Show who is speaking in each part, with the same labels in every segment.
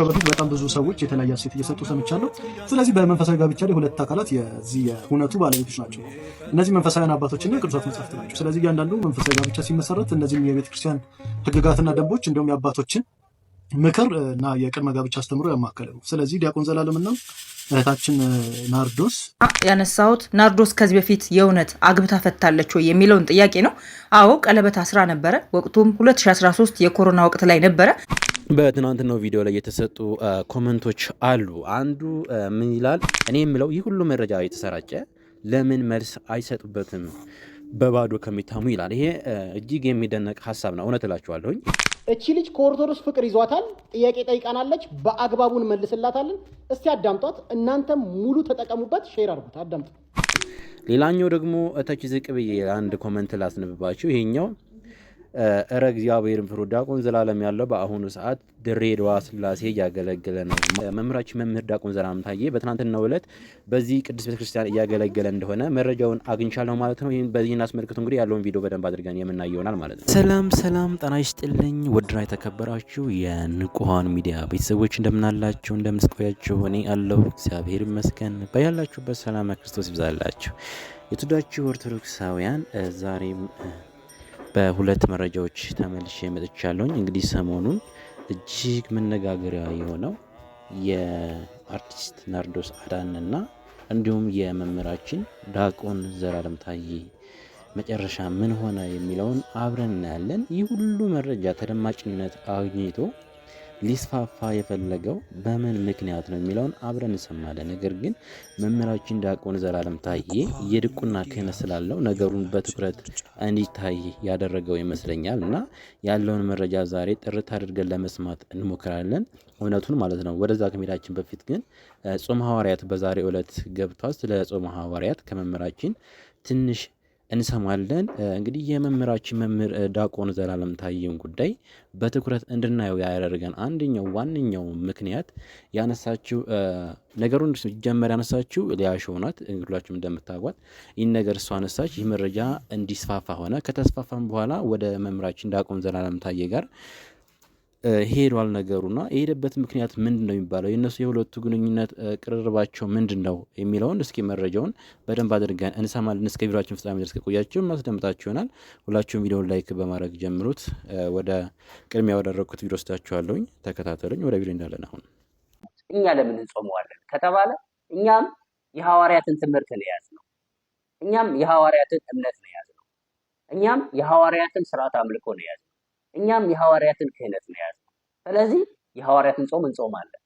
Speaker 1: ከመምጣታቸው በፊት በጣም ብዙ ሰዎች የተለያየ ሴት እየሰጡ ሰምቻለሁ። ስለዚህ በመንፈሳዊ ጋብቻ ላይ ሁለት አካላት የዚህ የእውነቱ ባለቤቶች ናቸው። እነዚህ መንፈሳዊያን አባቶችና ቅዱሳት መጻሕፍት ናቸው። ስለዚህ እያንዳንዱ መንፈሳዊ ጋብቻ ሲመሰረት እነዚህም የቤተክርስቲያን ህግጋትና ደንቦች እንዲሁም የአባቶችን ምክር እና የቅድመ ጋብቻ አስተምሮ ያማከለ ነው። ስለዚህ ዲያቆን ዘላለምና እህታችን ናርዶስ
Speaker 2: ያነሳሁት ናርዶስ ከዚህ በፊት የእውነት አግብታ ፈታለች ወይ የሚለውን ጥያቄ ነው። አዎ ቀለበት አስራ ነበረ። ወቅቱም 2013 የኮሮና ወቅት ላይ ነበረ።
Speaker 1: በትናንትናው ቪዲዮ ላይ የተሰጡ ኮመንቶች አሉ። አንዱ ምን ይላል? እኔ የምለው ይህ ሁሉ መረጃ የተሰራጨ ለምን መልስ አይሰጡበትም በባዶ ከሚታሙ ይላል። ይሄ እጅግ የሚደነቅ ሀሳብ ነው። እውነት እላችኋለሁኝ።
Speaker 2: እቺ ልጅ ከኦርቶዶክስ ፍቅር ይዟታል። ጥያቄ ጠይቃናለች፣ በአግባቡን መልስላታለን። እስቲ አዳምጧት፣ እናንተም ሙሉ ተጠቀሙበት፣ ሼር አድርጉት፣ አዳምጡ።
Speaker 1: ሌላኛው ደግሞ እተች ዝቅ ብዬ አንድ ኮመንት ላስነብባችሁ። ይሄኛው እረ እግዚአብሔርን ፍሩ። ዲያቆን ዘላለም ያለው በአሁኑ ሰዓት ድሬዳዋ ስላሴ እያገለገለ ነው። መምህራችን መምህር ዲያቆን ዘላለም ታዬ በትናንትናው ዕለት በዚህ ቅዱስ ቤተክርስቲያን እያገለገለ እንደሆነ መረጃውን አግኝቻለሁ ማለት ነው። ይህን በዚህን አስመልክቶ እንግዲህ ያለውን ቪዲዮ በደንብ አድርገን የምናየው ይሆናል ማለት ነው። ሰላም ሰላም፣ ጤና ይስጥልኝ ውድና የተከበራችሁ የንቁሃን ሚዲያ ቤተሰቦች እንደምናላችሁ፣ እንደምስቆያችሁ፣ እኔ አለሁ እግዚአብሔር ይመስገን። በያላችሁበት ሰላም ክርስቶስ ይብዛላችሁ። የትዳችሁ ኦርቶዶክሳውያን ዛሬም በሁለት መረጃዎች ተመልሼ መጥቻለሁኝ። እንግዲህ ሰሞኑን እጅግ መነጋገሪያ የሆነው የአርቲስት ናርዶስ አዳነና እንዲሁም የመምህራችን ዳቆን ዘላለም ታዬ መጨረሻ ምን ሆነ የሚለውን አብረን እናያለን። ይህ ሁሉ መረጃ ተደማጭነት አግኝቶ ሊስፋፋ የፈለገው በምን ምክንያት ነው የሚለውን አብረን እንሰማለን። ነገር ግን መምህራችን ዲያቆን ዘላለም ታዬ የድቁና ክህነት ስላለው ነገሩን በትኩረት እንዲታይ ያደረገው ይመስለኛል እና ያለውን መረጃ ዛሬ ጥርት አድርገን ለመስማት እንሞክራለን፣ እውነቱን ማለት ነው። ወደዛ ከመሄዳችን በፊት ግን ጾመ ሐዋርያት በዛሬ ዕለት ገብቷል። ስለ ጾመ ሐዋርያት ከመምህራችን ትንሽ እንሰማለን። እንግዲህ የመምህራችን መምህር ዲያቆን ዘላለም ታየን ጉዳይ በትኩረት እንድናየው ያደረገን አንደኛው ዋነኛው ምክንያት ያነሳችው ነገሩን ጀመር ያነሳችው ሊያሾው ናት። ሁላችሁም እንደምታውቋት ይህን ነገር እሷ አነሳች። ይህ መረጃ እንዲስፋፋ ሆነ። ከተስፋፋም በኋላ ወደ መምህራችን ዲያቆን ዘላለም ታየ ጋር ሄዷል ነገሩ እና የሄደበት ምክንያት ምንድን ነው የሚባለው የእነሱ የሁለቱ ግንኙነት ቅርርባቸው ምንድን ነው የሚለውን እስኪ መረጃውን በደንብ አድርገን እንሰማለን። እስከ ቪዲዮችን ፍጻሜ ድረስ ከቆያችሁ ማስደምጣችሁ ይሆናል። ሁላችሁም ቪዲዮን ላይክ በማድረግ ጀምሩት። ወደ ቅድሚያ ወዳደረግኩት ቪዲዮ ስታችኋለሁኝ፣ ተከታተሉኝ። ወደ ቪዲዮ እንዳለን አሁን
Speaker 2: እኛ ለምን እንጾመዋለን ከተባለ እኛም የሐዋርያትን ትምህርት ነው የያዝነው። እኛም የሐዋርያትን እምነት ነው የያዝነው። እኛም የሐዋርያትን ስርዓት አምልኮ ነው የያዝነው። እኛም የሐዋርያትን ክህነት ነው የያዝነው። ስለዚህ የሐዋርያትን ጾም እንጾማለን።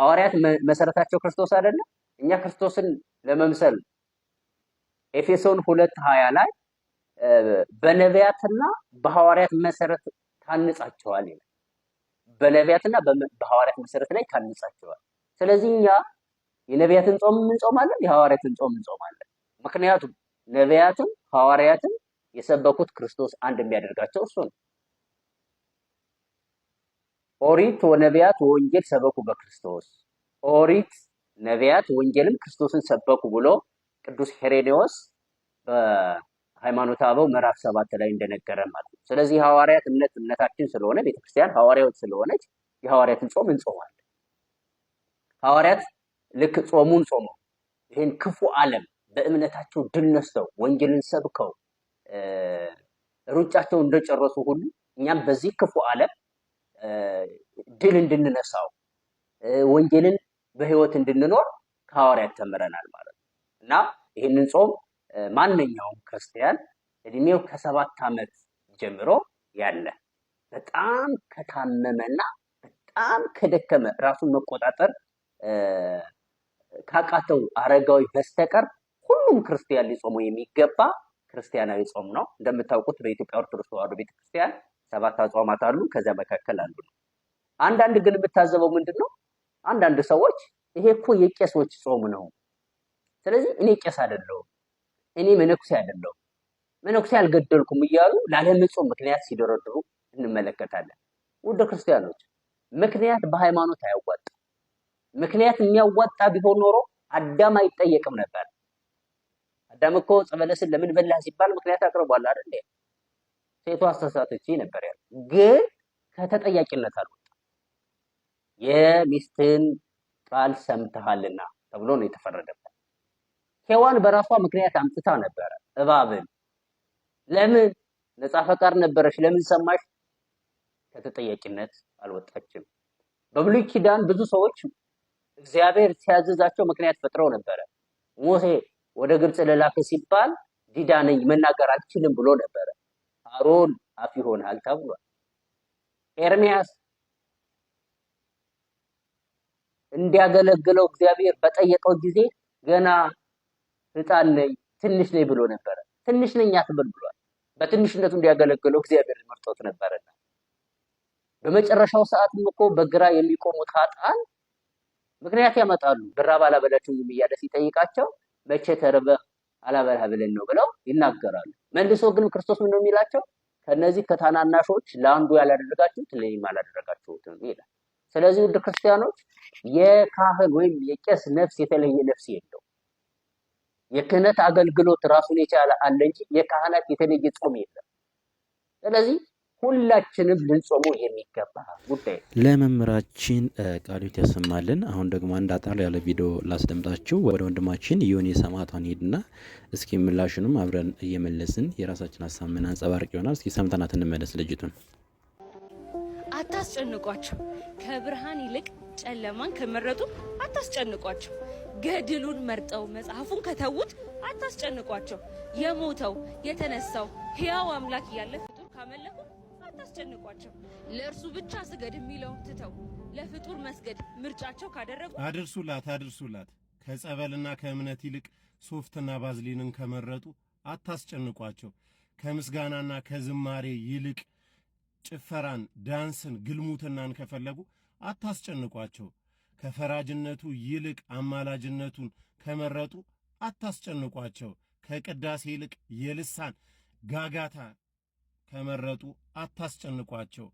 Speaker 2: ሐዋርያት መሰረታቸው ክርስቶስ አይደለም። እኛ ክርስቶስን ለመምሰል ኤፌሶን ሁለት ሀያ ላይ በነቢያትና በሐዋርያት መሰረት ታንጻቸዋል ይላል። በነቢያትና በሐዋርያት መሰረት ላይ ታንጻቸዋል። ስለዚህ እኛ የነቢያትን ጾም እንጾማለን፣ የሐዋርያትን ጾም እንጾማለን። ምክንያቱም ነቢያትም ሐዋርያትም የሰበኩት ክርስቶስ አንድ የሚያደርጋቸው እሱ ነው። ኦሪት ወነቢያት ወንጌል ሰበኩ በክርስቶስ ኦሪት ነቢያት ወንጌልም ክርስቶስን ሰበኩ ብሎ ቅዱስ ሄሬኔዎስ በሃይማኖተ አበው ምዕራፍ ሰባት ላይ እንደነገረ ማለት ነው። ስለዚህ የሐዋርያት እምነት እምነታችን ስለሆነ ቤተክርስቲያን ሐዋርያዎች ስለሆነች የሐዋርያትን ጾም እንጾማለን። ሐዋርያት ልክ ጾሙን ጾመው ይህን ክፉ ዓለም በእምነታቸው ድል ነስተው ወንጌልን ሰብከው ሩጫቸውን እንደጨረሱ ሁሉ እኛም በዚህ ክፉ ዓለም ድል እንድንነሳው ወንጌልን በህይወት እንድንኖር ከሐዋርያት ተምረናል ማለት ነው እና ይህንን ጾም ማንኛውም ክርስቲያን እድሜው ከሰባት ዓመት ጀምሮ ያለ በጣም ከታመመና በጣም ከደከመ ራሱን መቆጣጠር ካቃተው አረጋዊ በስተቀር ሁሉም ክርስቲያን ሊጾመው የሚገባ ክርስቲያናዊ ጾም ነው። እንደምታውቁት በኢትዮጵያ ኦርቶዶክስ ተዋሕዶ ቤተክርስቲያን ሰባት አጽዋማት አሉ። ከዚያ መካከል አንዱ ነው። አንዳንድ ግን የምታዘበው ምንድን ነው? አንዳንድ ሰዎች ይሄ እኮ የቄሶች ጾም ነው፣ ስለዚህ እኔ ቄስ አይደለሁም፣ እኔ መነኩሴ አይደለሁም፣ መነኩሴ አልገደልኩም እያሉ ላለመጾም ምክንያት ሲደረድሩ እንመለከታለን። ውድ ክርስቲያኖች፣ ምክንያት በሃይማኖት አያዋጣም። ምክንያት የሚያዋጣ ቢሆን ኖሮ አዳም አይጠየቅም ነበር። አዳም እኮ ዕፀ በለስን ለምን በላህ ሲባል ምክንያት አቅርቧል አይደል? ሴቷ አሳሳተች ነበር ያለው፣ ግን ከተጠያቂነት አልወጣ የሚስትን ቃል ሰምተሃልና ተብሎ ነው የተፈረደበት። ሔዋን በራሷ ምክንያት አምጥታ ነበረ እባብን። ለምን ነፃ ፈቃድ ነበረች? ለምን ሰማሽ? ከተጠያቂነት አልወጣችም። በብሉይ ኪዳን ብዙ ሰዎች እግዚአብሔር ሲያዘዛቸው ምክንያት ፈጥረው ነበረ። ሙሴ ወደ ግብፅ ልላክ ሲባል ዲዳ ነኝ መናገር አልችልም ብሎ ነበረ። አሮን አፍ ይሆናል ተብሏል። ኤርሚያስ እንዲያገለግለው እግዚአብሔር በጠየቀው ጊዜ ገና ሕፃን ነኝ ትንሽ ነኝ ብሎ ነበረ። ትንሽ ነኝ አትበል ብሏል። በትንሽነቱ እንዲያገለግለው እግዚአብሔር መርጦት ነበረና በመጨረሻው ሰዓትም እኮ በግራ የሚቆሙት ኃጥአን ምክንያት ያመጣሉ። ብራብ አላበላችሁም እያለ ሲጠይቃቸው መቼ ተርበህ አላበላህ ብለን ነው ብለው ይናገራሉ። መልሶ ግን ክርስቶስ ምን ነው የሚላቸው? ከነዚህ ከታናናሾች ለአንዱ ያላደረጋችሁት ለእኔም አላደረጋችሁትም ይላል። ስለዚህ ውድ ክርስቲያኖች የካህን ወይም የቄስ ነፍስ የተለየ ነፍስ የለው። የክህነት አገልግሎት ራሱን የቻለ አለ እንጂ የካህናት የተለየ ጾም የለም። ስለዚህ ሁላችንም ልንጾሙ የሚገባ ጉዳይ
Speaker 1: ለመምህራችን ቃሉ ያሰማልን። አሁን ደግሞ አንድ አጠር ያለ ቪዲዮ ላስደምጣችሁ። ወደ ወንድማችን ዮኒ ሰማዕቷን ሄድና እስኪ ምላሽንም አብረን እየመለስን የራሳችን ሀሳብ አንጸባርቅ ይሆናል። እስኪ ሰምተናት እንመለስ። ልጅቱን
Speaker 3: አታስጨንቋቸው። ከብርሃን ይልቅ ጨለማን ከመረጡ አታስጨንቋቸው። ገድሉን መርጠው መጽሐፉን ከተዉት አታስጨንቋቸው። የሞተው የተነሳው ሕያው አምላክ እያለ ፍጡር ካመለኩ አያስጨንቋቸው። ለእርሱ ብቻ ስገድ የሚለውን ትተው ለፍጡር መስገድ ምርጫቸው ካደረጉ
Speaker 4: አድርሱላት አድርሱላት። ከጸበልና ከእምነት ይልቅ ሶፍትና ባዝሊንን ከመረጡ አታስጨንቋቸው። ከምስጋናና ከዝማሬ ይልቅ ጭፈራን፣ ዳንስን፣ ግልሙትናን ከፈለጉ አታስጨንቋቸው። ከፈራጅነቱ ይልቅ አማላጅነቱን ከመረጡ አታስጨንቋቸው። ከቅዳሴ ይልቅ የልሳን ጋጋታ ከመረጡ አታስጨንቋቸው።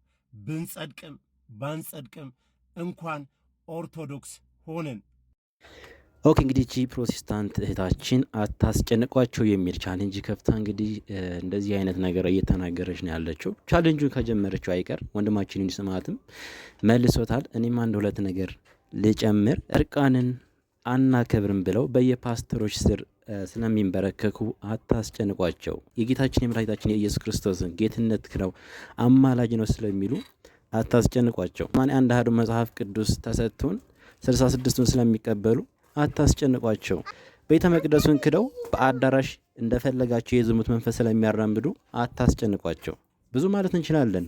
Speaker 4: ብንጸድቅም ባንጸድቅም እንኳን ኦርቶዶክስ ሆንን።
Speaker 1: ኦኬ እንግዲህ እቺ ፕሮቴስታንት እህታችን አታስጨንቋቸው የሚል ቻሌንጅ ከፍታ እንግዲህ እንደዚህ አይነት ነገር እየተናገረች ነው ያለችው። ቻሌንጁን ከጀመረችው አይቀር ወንድማችን ስማትም መልሶታል። እኔም አንድ ሁለት ነገር ልጨምር። እርቃንን አናከብርም ብለው በየፓስተሮች ስር ስለሚንበረከኩ አታስጨንቋቸው፣ የጌታችን የመድኃኒታችን የኢየሱስ ክርስቶስን ጌትነት ነው አማላጅ ነው ስለሚሉ አታስጨንቋቸው። ማን አንድ አሐዱ መጽሐፍ ቅዱስ ተሰጥቶን ስልሳ ስድስቱን ስለሚቀበሉ አታስጨንቋቸው። ቤተ መቅደሱን ክደው በአዳራሽ እንደፈለጋቸው የዝሙት መንፈስ ስለሚያራምዱ አታስጨንቋቸው። ብዙ ማለት እንችላለን፣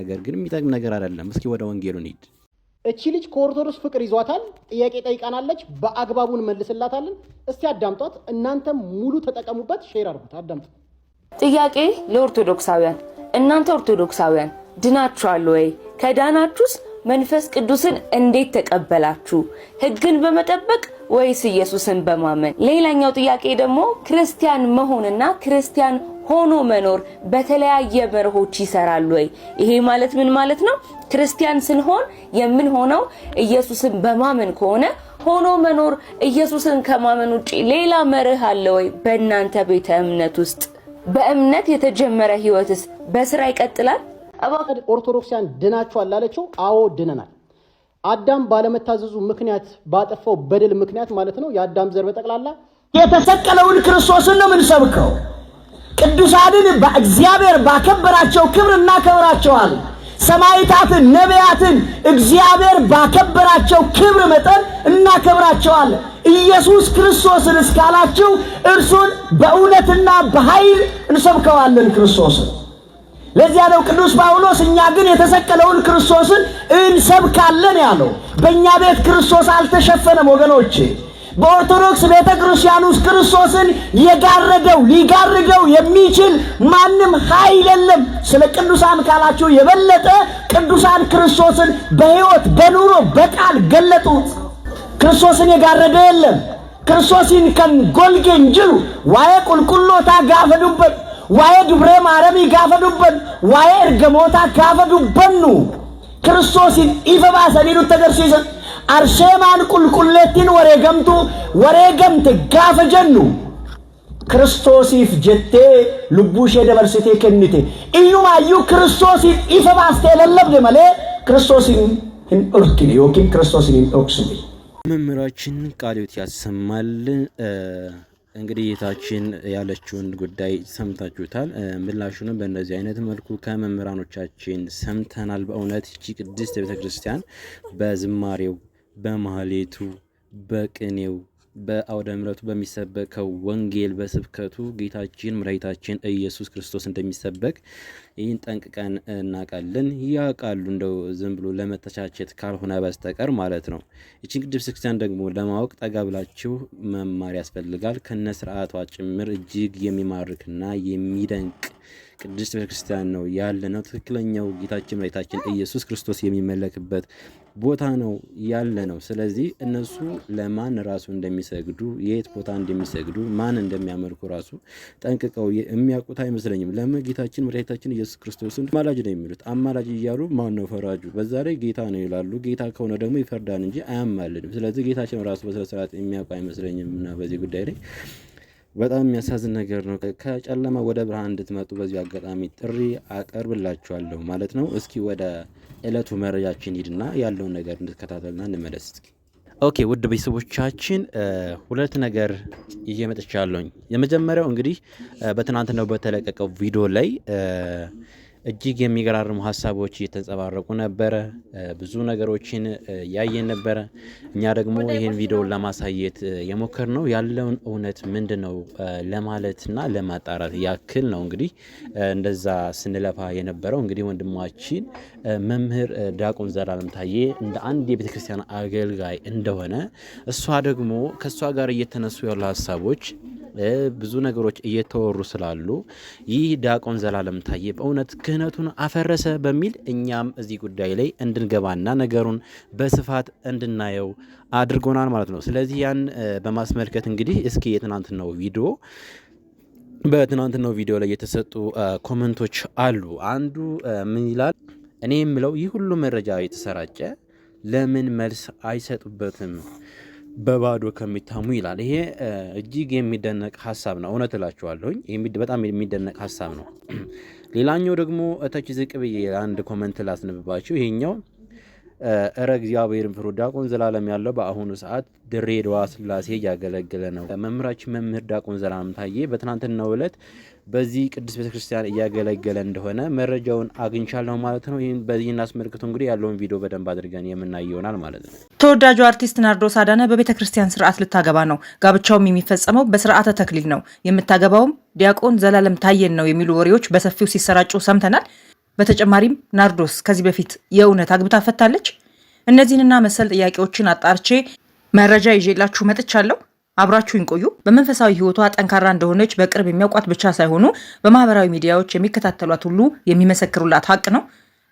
Speaker 1: ነገር ግን የሚጠቅም ነገር አይደለም። እስኪ ወደ ወንጌሉ እንሂድ።
Speaker 2: እቺ ልጅ ከኦርቶዶክስ ፍቅር ይዟታል። ጥያቄ ጠይቃናለች፣ በአግባቡ እንመልስላታለን። እስቲ አዳምጧት፣ እናንተም ሙሉ ተጠቀሙበት፣ ሼር አድርጉት። አዳምጡ።
Speaker 5: ጥያቄ ለኦርቶዶክሳውያን፣ እናንተ ኦርቶዶክሳውያን ድናችኋል ወይ? ከዳናችሁስ መንፈስ ቅዱስን እንዴት ተቀበላችሁ? ህግን በመጠበቅ ወይስ ኢየሱስን በማመን? ሌላኛው ጥያቄ ደግሞ ክርስቲያን መሆንና ክርስቲያን ሆኖ መኖር በተለያየ መርሆች ይሰራሉ ወይ? ይሄ ማለት ምን ማለት ነው? ክርስቲያን ስንሆን የምንሆነው ኢየሱስን በማመን ከሆነ ሆኖ መኖር ኢየሱስን ከማመን ውጪ ሌላ መርህ አለ ወይ በእናንተ ቤተ እምነት ውስጥ? በእምነት የተጀመረ ህይወትስ በስራ ይቀጥላል?
Speaker 6: እባክህ ኦርቶዶክሲያን ድናችኋል አለችው። አዎ ድነናል። አዳም ባለመታዘዙ ምክንያት ባጠፋው በደል ምክንያት ማለት ነው። የአዳም ዘር በጠቅላላ
Speaker 7: የተሰቀለውን ክርስቶስን ነው የምንሰብከው። ቅዱሳንን በእግዚአብሔር ባከበራቸው ክብር እናከብራቸዋል። ሰማይታትን ነቢያትን እግዚአብሔር ባከበራቸው ክብር መጠን እናከብራቸዋለን ኢየሱስ ክርስቶስን እስካላችሁ እርሱን በእውነትና በኃይል እንሰብከዋለን ክርስቶስን። ለዚያ ነው ቅዱስ ጳውሎስ እኛ ግን የተሰቀለውን ክርስቶስን እንሰብካለን ያለው። በእኛ ቤት ክርስቶስ አልተሸፈነም ወገኖቼ። በኦርቶዶክስ ቤተ ክርስቲያን ውስጥ ክርስቶስን የጋረደው ሊጋርደው የሚችል ማንም ኃይል የለም። ስለ ቅዱሳን ካላቸው የበለጠ ቅዱሳን ክርስቶስን በሕይወት በኑሮ በቃል ገለጡት። ክርስቶስን የጋረደ የለም። ክርስቶስን ከን ጎልጌን ዋየ ቁልቁሎታ ጋፈዱበት ዋየ ድብረ ማረሚ ጋፈዱበት ዋየ እርገሞታ ነው ክርስቶስን ኢፈባሰ ሊሉት አርሴማን ቁልቁሌቲን ወሬ ገምቱ ወሬ ገምት ጋፈ ጀኑ ክርስቶሲፍ ጀቴ ልቡሽ ልቡሼ ከንቴ እዩማ እዩማዩ ክርስቶሲን ኢፈ ባስቴ ለለብደ መሌ ክርስቶሲን እንርክን ዮኪን ክርስቶስን እንኦክስን
Speaker 1: መምህራችን ቃልዮት ያሰማል። እንግዲህ ጌታችን ያለችውን ጉዳይ ሰምታችሁታል። ምላሹንም በእንደዚህ አይነት መልኩ ከመምህራኖቻችን ሰምተናል። በእውነት ይቺ ቅድስት ቤተክርስቲያን በዝማሬው በማህሌቱ፣ በቅኔው፣ በአውደ ምረቱ በሚሰበከው ወንጌል በስብከቱ ጌታችን መድኃኒታችን ኢየሱስ ክርስቶስ እንደሚሰበክ ይህን ጠንቅቀን እናውቃለን። ያ ቃሉ እንደው ዝም ብሎ ለመተቻቸት ካልሆነ በስተቀር ማለት ነው። ይችን ቅድስት ክርስቲያን ደግሞ ለማወቅ ጠጋ ብላችሁ መማር ያስፈልጋል። ከነ ስርዓቷ ጭምር እጅግ የሚማርክና የሚደንቅ ቅድስት ቤተክርስቲያን ነው ያለ ነው። ትክክለኛው ጌታችን መሬታችን ኢየሱስ ክርስቶስ የሚመለክበት ቦታ ነው ያለ ነው። ስለዚህ እነሱ ለማን ራሱ እንደሚሰግዱ የት ቦታ እንደሚሰግዱ ማን እንደሚያመልኩ ራሱ ጠንቅቀው የሚያውቁት አይመስለኝም። ለምን ጌታችን መድኃኒታችን ኢየሱስ ክርስቶስን አማላጅ ነው የሚሉት? አማላጅ እያሉ ማን ነው ፈራጁ? በዛ ላይ ጌታ ነው ይላሉ። ጌታ ከሆነ ደግሞ ይፈርዳን እንጂ አያማልድም። ስለዚህ ጌታችን ራሱ በስነስርዓት የሚያውቁ አይመስለኝም እና በዚህ ጉዳይ ላይ በጣም የሚያሳዝን ነገር ነው። ከጨለማ ወደ ብርሃን እንድትመጡ በዚሁ አጋጣሚ ጥሪ አቀርብላችኋለሁ ማለት ነው። እስኪ ወደ ዕለቱ መረጃችን ሂድና ያለውን ነገር እንድትከታተልና እንመለስ እስኪ። ኦኬ ውድ ቤተሰቦቻችን ሁለት ነገር ይዤ መጥቻለሁኝ። የመጀመሪያው እንግዲህ በትናንትናው በተለቀቀው ቪዲዮ ላይ እጅግ የሚገራርሙ ሀሳቦች እየተንጸባረቁ ነበረ። ብዙ ነገሮችን ያየን ነበረ። እኛ ደግሞ ይህን ቪዲዮ ለማሳየት የሞከር ነው ያለውን እውነት ምንድን ነው ለማለትና ለማጣራት ያክል ነው። እንግዲህ እንደዛ ስንለፋ የነበረው እንግዲህ ወንድማችን መምህር ዲያቆን ዘላለም ታዬ እንደ አንድ የቤተክርስቲያን አገልጋይ እንደሆነ እሷ ደግሞ ከእሷ ጋር እየተነሱ ያሉ ሀሳቦች ብዙ ነገሮች እየተወሩ ስላሉ ይህ ዲያቆን ዘላለም ታዬ በእውነት ክህነቱን አፈረሰ በሚል እኛም እዚህ ጉዳይ ላይ እንድንገባና ነገሩን በስፋት እንድናየው አድርጎናል ማለት ነው። ስለዚህ ያን በማስመልከት እንግዲህ እስኪ የትናንትናው ቪዲዮ በትናንትናው ቪዲዮ ላይ የተሰጡ ኮመንቶች አሉ። አንዱ ምን ይላል? እኔ የምለው ይህ ሁሉ መረጃ የተሰራጨ ለምን መልስ አይሰጡበትም? በባዶ ከሚታሙ ይላል። ይሄ እጅግ የሚደነቅ ሀሳብ ነው። እውነት እላችኋለሁኝ በጣም የሚደነቅ ሀሳብ ነው። ሌላኛው ደግሞ እተች ዝቅ ብዬ አንድ ኮመንት ላስነብባችሁ። ይሄኛው እረ እግዚአብሔርን ፍሩ። ዲያቆን ዘላለም ያለው በአሁኑ ሰዓት ድሬዳዋ ስላሴ እያገለገለ ነው። መምህራችን መምህር ዲያቆን ዘላለም ታዬ በትናንትናው ዕለት በዚህ ቅዱስ ቤተክርስቲያን እያገለገለ እንደሆነ መረጃውን አግኝቻለሁ ማለት ነው። ይህን በዚህን አስመልክቶ እንግዲህ ያለውን ቪዲዮ በደንብ አድርገን የምናይ ይሆናል ማለት ነው።
Speaker 2: ተወዳጁ አርቲስት ናርዶስ አዳነ በቤተ ክርስቲያን ስርዓት ልታገባ ነው። ጋብቻውም የሚፈጸመው በስርዓተ ተክሊል ነው። የምታገባውም ዲያቆን ዘላለም ታየን ነው የሚሉ ወሬዎች በሰፊው ሲሰራጩ ሰምተናል። በተጨማሪም ናርዶስ ከዚህ በፊት የእውነት አግብታ ፈታለች? እነዚህንና መሰል ጥያቄዎችን አጣርቼ መረጃ ይዤላችሁ መጥቻለሁ። አብራችሁኝ ቆዩ። በመንፈሳዊ ሕይወቷ ጠንካራ እንደሆነች በቅርብ የሚያውቋት ብቻ ሳይሆኑ በማህበራዊ ሚዲያዎች የሚከታተሏት ሁሉ የሚመሰክሩላት ሀቅ ነው።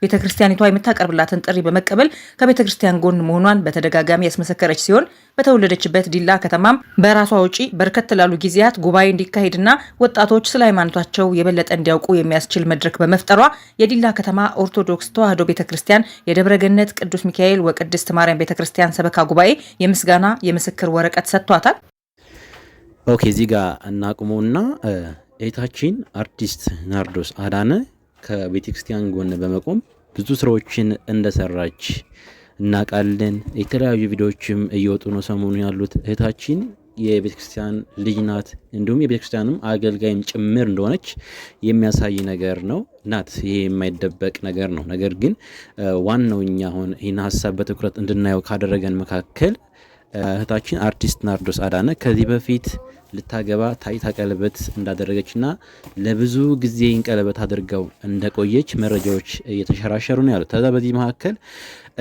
Speaker 2: ቤተ ክርስቲያኒቷ የምታቀርብላትን ጥሪ በመቀበል ከቤተ ክርስቲያን ጎን መሆኗን በተደጋጋሚ ያስመሰከረች ሲሆን በተወለደችበት ዲላ ከተማም በራሷ ውጪ በርከት ላሉ ጊዜያት ጉባኤ እንዲካሄድና ወጣቶች ስለ ሃይማኖታቸው የበለጠ እንዲያውቁ የሚያስችል መድረክ በመፍጠሯ የዲላ ከተማ ኦርቶዶክስ ተዋሕዶ ቤተ ክርስቲያን የደብረገነት ቅዱስ ሚካኤል ወቅድስት ማርያም ቤተ ክርስቲያን ሰበካ ጉባኤ የምስጋና የምስክር ወረቀት ሰጥቷታል።
Speaker 1: ኦኬ እዚህ ጋር እናቁመውና እህታችን አርቲስት ናርዶስ አዳነ ከቤተክርስቲያን ጎን በመቆም ብዙ ስራዎችን እንደሰራች እናውቃለን። የተለያዩ ቪዲዮዎችም እየወጡ ነው ሰሞኑ ያሉት። እህታችን የቤተክርስቲያን ልጅ ናት፣ እንዲሁም የቤተክርስቲያንም አገልጋይም ጭምር እንደሆነች የሚያሳይ ነገር ነው ናት። ይሄ የማይደበቅ ነገር ነው። ነገር ግን ዋናው እኛ አሁን ይህን ሀሳብ በትኩረት እንድናየው ካደረገን መካከል እህታችን አርቲስት ናርዶስ አዳነ ከዚህ በፊት ልታገባ ታይታ ቀለበት እንዳደረገችና ለብዙ ጊዜ ቀለበት አድርገው እንደቆየች መረጃዎች እየተሸራሸሩ ነው ያሉት። ከዛ በዚህ መካከል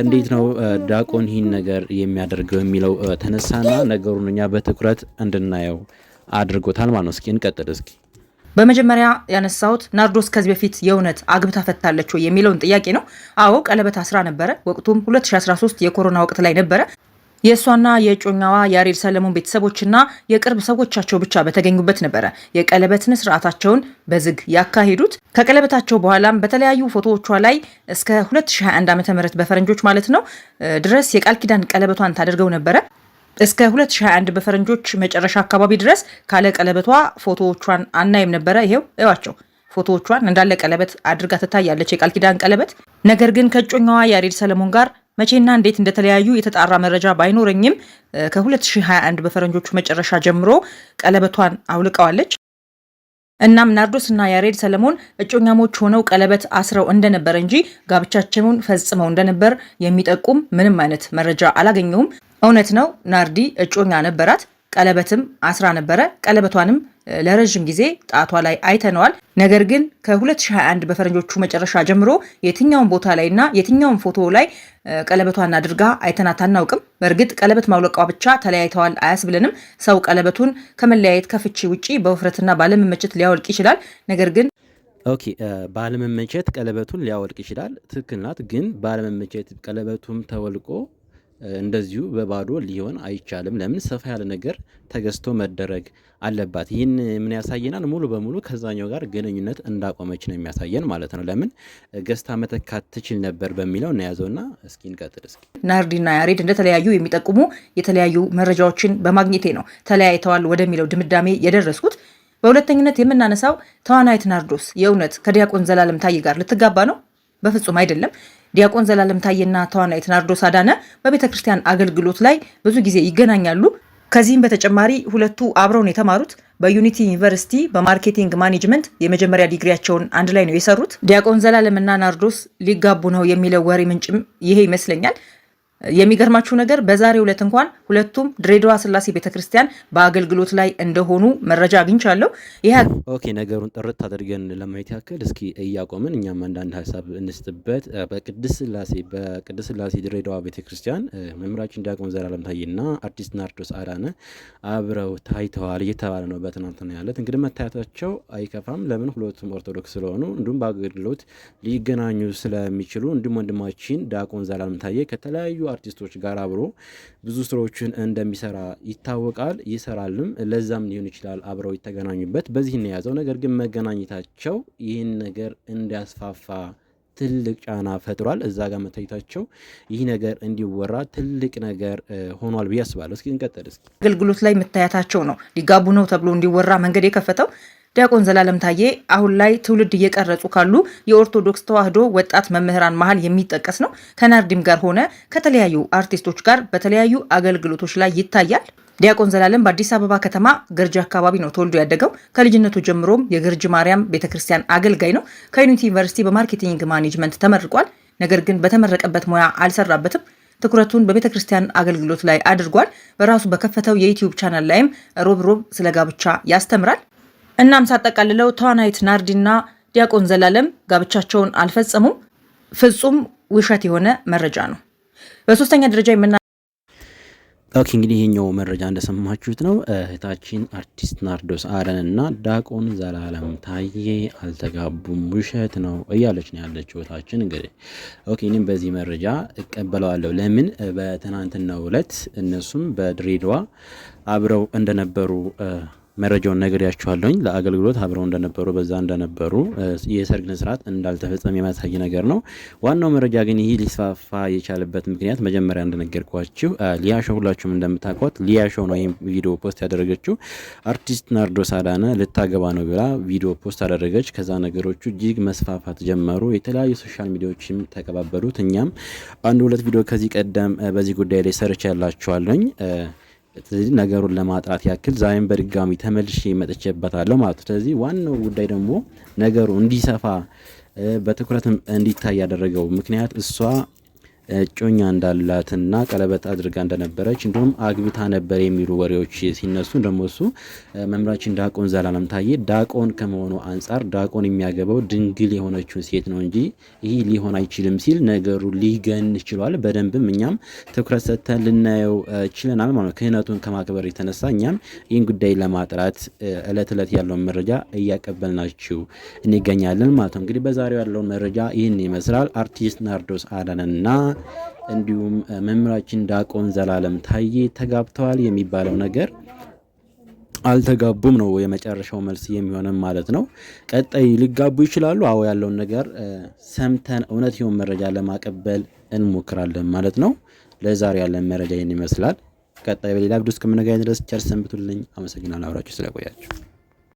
Speaker 1: እንዴት ነው ዳቆን ይህን ነገር የሚያደርገው የሚለው ተነሳና ነገሩን እኛ በትኩረት እንድናየው አድርጎታል ማለት ነው። እስኪ እንቀጥል እስኪ
Speaker 2: በመጀመሪያ ያነሳሁት ናርዶስ ከዚህ በፊት የእውነት አግብታ ፈታለች ወይ የሚለውን ጥያቄ ነው። አዎ ቀለበት አስራ ነበረ። ወቅቱም 2013 የኮሮና ወቅት ላይ ነበረ። የእሷና የእጮኛዋ ያሬድ ሰለሞን ቤተሰቦችና የቅርብ ሰዎቻቸው ብቻ በተገኙበት ነበረ የቀለበትን ስርዓታቸውን በዝግ ያካሄዱት። ከቀለበታቸው በኋላም በተለያዩ ፎቶዎቿ ላይ እስከ 2021 ዓ ም በፈረንጆች ማለት ነው ድረስ የቃል ኪዳን ቀለበቷን ታደርገው ነበረ። እስከ 2021 በፈረንጆች መጨረሻ አካባቢ ድረስ ካለ ቀለበቷ ፎቶዎቿን አናይም ነበረ። ይሄው እዋቸው ፎቶዎቿን እንዳለ ቀለበት አድርጋ ትታያለች፣ የቃል ኪዳን ቀለበት። ነገር ግን ከእጮኛዋ የአሬድ ሰለሞን ጋር መቼና እንዴት እንደተለያዩ የተጣራ መረጃ ባይኖረኝም ከ2021 በፈረንጆቹ መጨረሻ ጀምሮ ቀለበቷን አውልቀዋለች። እናም ናርዶስ እና ያሬድ ሰለሞን እጮኛሞች ሆነው ቀለበት አስረው እንደነበር እንጂ ጋብቻቸውን ፈጽመው እንደነበር የሚጠቁም ምንም አይነት መረጃ አላገኘውም። እውነት ነው ናርዲ እጮኛ ነበራት፣ ቀለበትም አስራ ነበረ። ቀለበቷንም ለረዥም ጊዜ ጣቷ ላይ አይተነዋል። ነገር ግን ከ2021 በፈረንጆቹ መጨረሻ ጀምሮ የትኛውን ቦታ ላይ እና የትኛውን ፎቶ ላይ ቀለበቷን አድርጋ አይተናት አናውቅም። በእርግጥ ቀለበት ማውለቋ ብቻ ተለያይተዋል አያስብልንም። ሰው ቀለበቱን ከመለያየት ከፍቺ ውጪ በውፍረትና ባለመመቸት ሊያወልቅ ይችላል። ነገር ግን
Speaker 1: ኦኬ ባለመመቸት ቀለበቱን ሊያወልቅ ይችላል። ትክክል ናት። ግን ባለመመቸት ቀለበቱም ተወልቆ እንደዚሁ በባዶ ሊሆን አይቻልም። ለምን ሰፋ ያለ ነገር ተገዝቶ መደረግ አለባት። ይህን ምን ያሳየናል? ሙሉ በሙሉ ከዛኛው ጋር ግንኙነት እንዳቆመች ነው የሚያሳየን ማለት ነው። ለምን ገዝታ መተካት ትችል ነበር በሚለው እናያዘውና እስኪ እንቀጥል። እስኪ
Speaker 2: ናርዲና ያሬድ እንደተለያዩ የሚጠቁሙ የተለያዩ መረጃዎችን በማግኘቴ ነው ተለያይተዋል ወደሚለው ድምዳሜ የደረስኩት። በሁለተኝነት የምናነሳው ተዋናይት ናርዶስ የእውነት ከዲያቆን ዘላለም ታዬ ጋር ልትጋባ ነው? በፍጹም አይደለም። ዲያቆን ዘላለም ታዬና ተዋናይት ናርዶስ አዳነ በቤተ ክርስቲያን አገልግሎት ላይ ብዙ ጊዜ ይገናኛሉ። ከዚህም በተጨማሪ ሁለቱ አብረውን የተማሩት በዩኒቲ ዩኒቨርሲቲ በማርኬቲንግ ማኔጅመንት የመጀመሪያ ዲግሪያቸውን አንድ ላይ ነው የሰሩት። ዲያቆን ዘላለምና ናርዶስ ሊጋቡ ነው የሚለው ወሬ ምንጭም ይሄ ይመስለኛል። የሚገርማችሁ ነገር በዛሬ ዕለት እንኳን ሁለቱም ድሬዳዋ ስላሴ ቤተክርስቲያን በአገልግሎት ላይ እንደሆኑ መረጃ አግኝቻለሁ።
Speaker 1: ይህ ኦኬ ነገሩን ጥርት አድርገን ለማየት ያክል እስኪ እያቆምን እኛም አንዳንድ ሀሳብ እንስጥበት። በቅድስት ስላሴ በቅድስት ስላሴ ድሬዳዋ ቤተክርስቲያን መምህራችን ዲያቆን ዘላለም ታዬና አርቲስት ናርዶስ አዳነ አብረው ታይተዋል እየተባለ ነው። በትናንትና ያለት እንግዲህ መታየታቸው አይከፋም። ለምን ሁለቱም ኦርቶዶክስ ስለሆኑ እንዲሁም በአገልግሎት ሊገናኙ ስለሚችሉ እንዲሁም ወንድማችን ዲያቆን ዘላለም ታዬ ከተለያዩ አርቲስቶች ጋር አብሮ ብዙ ስራዎችን እንደሚሰራ ይታወቃል፣ ይሰራልም። ለዛም ሊሆን ይችላል አብረው የተገናኙበት በዚህ የያዘው። ነገር ግን መገናኘታቸው ይህን ነገር እንዲያስፋፋ ትልቅ ጫና ፈጥሯል። እዛ ጋር መታየታቸው ይህ ነገር እንዲወራ ትልቅ ነገር ሆኗል ብዬ አስባለሁ። እስኪ እንቀጥል። እስኪ
Speaker 2: አገልግሎት ላይ መታየታቸው ነው ሊጋቡ ነው ተብሎ እንዲወራ መንገድ የከፈተው ዲያቆን ዘላለም ታዬ አሁን ላይ ትውልድ እየቀረጹ ካሉ የኦርቶዶክስ ተዋህዶ ወጣት መምህራን መሀል የሚጠቀስ ነው። ከናርዲም ጋር ሆነ ከተለያዩ አርቲስቶች ጋር በተለያዩ አገልግሎቶች ላይ ይታያል። ዲያቆን ዘላለም በአዲስ አበባ ከተማ ገርጂ አካባቢ ነው ተወልዶ ያደገው። ከልጅነቱ ጀምሮም የገርጂ ማርያም ቤተክርስቲያን አገልጋይ ነው። ከዩኒቲ ዩኒቨርሲቲ በማርኬቲንግ ማኔጅመንት ተመርቋል። ነገር ግን በተመረቀበት ሙያ አልሰራበትም። ትኩረቱን በቤተ ክርስቲያን አገልግሎት ላይ አድርጓል። በራሱ በከፈተው የዩትዩብ ቻናል ላይም ሮብ ሮብ ስለ ጋብቻ ያስተምራል። እናም ሳጠቃልለው ተዋናይት ናርዲና ዲያቆን ዘላለም ጋብቻቸውን አልፈጸሙም፣ ፍጹም ውሸት የሆነ መረጃ ነው። በሶስተኛ ደረጃ የምና
Speaker 1: ኦኬ እንግዲህ ይህኛው መረጃ እንደሰማችሁት ነው። እህታችን አርቲስት ናርዶስ አረን እና ዳቆን ዘላለም ታዬ አልተጋቡም ውሸት ነው እያለች ነው ያለችው እህታችን። እንግዲህ ኦኬ እኔም በዚህ መረጃ እቀበለዋለሁ። ለምን በትናንትናው ዕለት እነሱም በድሬዳዋ አብረው እንደነበሩ መረጃውን ነግሬያችኋለሁኝ። ለአገልግሎት አብረው እንደነበሩ በዛ እንደነበሩ የሰርግን ስርዓት እንዳልተፈጸመ የሚያሳይ ነገር ነው። ዋናው መረጃ ግን ይህ ሊስፋፋ የቻለበት ምክንያት መጀመሪያ እንደነገርኳችሁ ሊያሾ ሁላችሁም እንደምታውቋት ሊያሾ ነው ይህም ቪዲዮ ፖስት ያደረገችው። አርቲስት ናርዶስ አዳነ ልታገባ ነው ብላ ቪዲዮ ፖስት አደረገች። ከዛ ነገሮቹ እጅግ መስፋፋት ጀመሩ። የተለያዩ ሶሻል ሚዲያዎችም ተቀባበሉት። እኛም አንድ ሁለት ቪዲዮ ከዚህ ቀደም በዚህ ጉዳይ ላይ ሰርቻ ያላችኋለኝ ስለዚህ ነገሩን ለማጥራት ያክል ዛሬም በድጋሚ ተመልሼ መጥቼበታለሁ ማለት ነው። ስለዚህ ዋናው ጉዳይ ደግሞ ነገሩ እንዲሰፋ በትኩረትም እንዲታይ ያደረገው ምክንያት እሷ እጮኛ እንዳላትና ቀለበት አድርጋ እንደነበረች እንዲሁም አግብታ ነበር የሚሉ ወሬዎች ሲነሱ ደግሞ እሱ መምራችን ዳቆን ዘላለም ታዬ ዳቆን ከመሆኑ አንጻር ዳቆን የሚያገባው ድንግል የሆነችውን ሴት ነው እንጂ ይህ ሊሆን አይችልም ሲል ነገሩ ሊገን ችሏል። በደንብም እኛም ትኩረት ሰጥተን ልናየው ችለናል ማለት ነው። ክህነቱን ከማክበር የተነሳ እኛም ይህን ጉዳይ ለማጥራት እለት እለት ያለውን መረጃ እያቀበልናችሁ እንገኛለን ማለት ነው። እንግዲህ በዛሬው ያለውን መረጃ ይህን ይመስላል። አርቲስት ናርዶስ አዳነና እንዲሁም መምህራችን ዲያቆን ዘላለም ታዬ ተጋብተዋል የሚባለው ነገር አልተጋቡም ነው የመጨረሻው መልስ የሚሆንም ማለት ነው። ቀጣይ ሊጋቡ ይችላሉ። አዎ ያለውን ነገር ሰምተን እውነት የሆን መረጃ ለማቀበል እንሞክራለን ማለት ነው። ለዛሬ ያለን መረጃ ይህን ይመስላል። ቀጣይ በሌላ ቪዲዮ እስከምንገናኝ ድረስ ቸር ሰንብቱልኝ። አመሰግናለሁ አብራችሁ ስለቆያችሁ።